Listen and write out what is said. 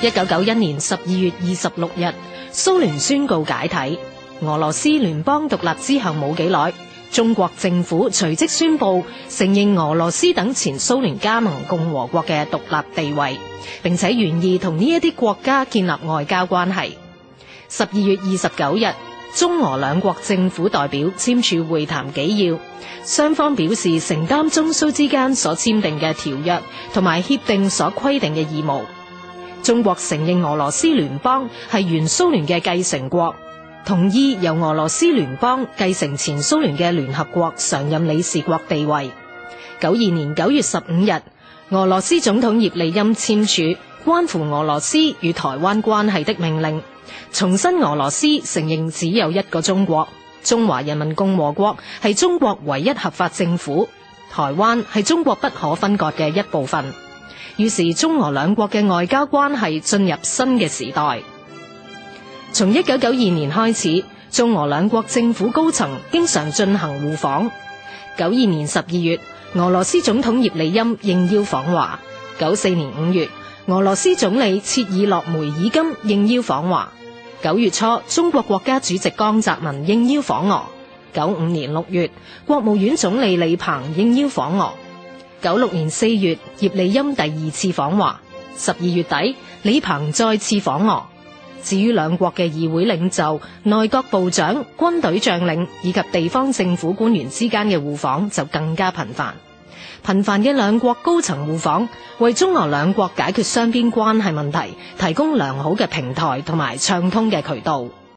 一九九一年十二月二十六日，蘇聯宣告解體，俄羅斯聯邦獨立之後冇幾耐，中國政府隨即宣布承認俄羅斯等前蘇聯加盟共和國嘅獨立地位，並且願意同呢一啲國家建立外交關係。十二月二十九日，中俄兩國政府代表簽署會談紀要，雙方表示承擔中蘇之間所簽訂嘅條約同埋協定所規定嘅義務。中國承認俄羅斯聯邦係原蘇聯嘅繼承國，同意由俄羅斯聯邦繼承前蘇聯嘅聯合國常任理事國地位。九二年九月十五日，俄羅斯總統葉利欽簽署關乎俄羅斯與台灣關係的命令，重申俄羅斯承認只有一個中國，中華人民共和國係中國唯一合法政府，台灣係中國不可分割嘅一部分。於是中俄兩國嘅外交關係進入新嘅時代。從一九九二年開始，中俄兩國政府高層經常進行互訪。九二年十二月，俄羅斯總統葉利欽應邀訪華；九四年五月，俄羅斯總理切爾諾梅爾金應邀訪華；九月初，中國國家主席江澤民應邀訪俄；九五年六月，國務院總理李鵬應邀訪俄。九六年四月，葉利欽第二次訪華；十二月底，李鵬再次訪俄。至於兩國嘅議會領袖、內閣部長、軍隊將領以及地方政府官員之間嘅互訪就更加頻繁。頻繁嘅兩國高層互訪，為中俄兩國解決雙邊關係問題，提供良好嘅平台同埋暢通嘅渠道。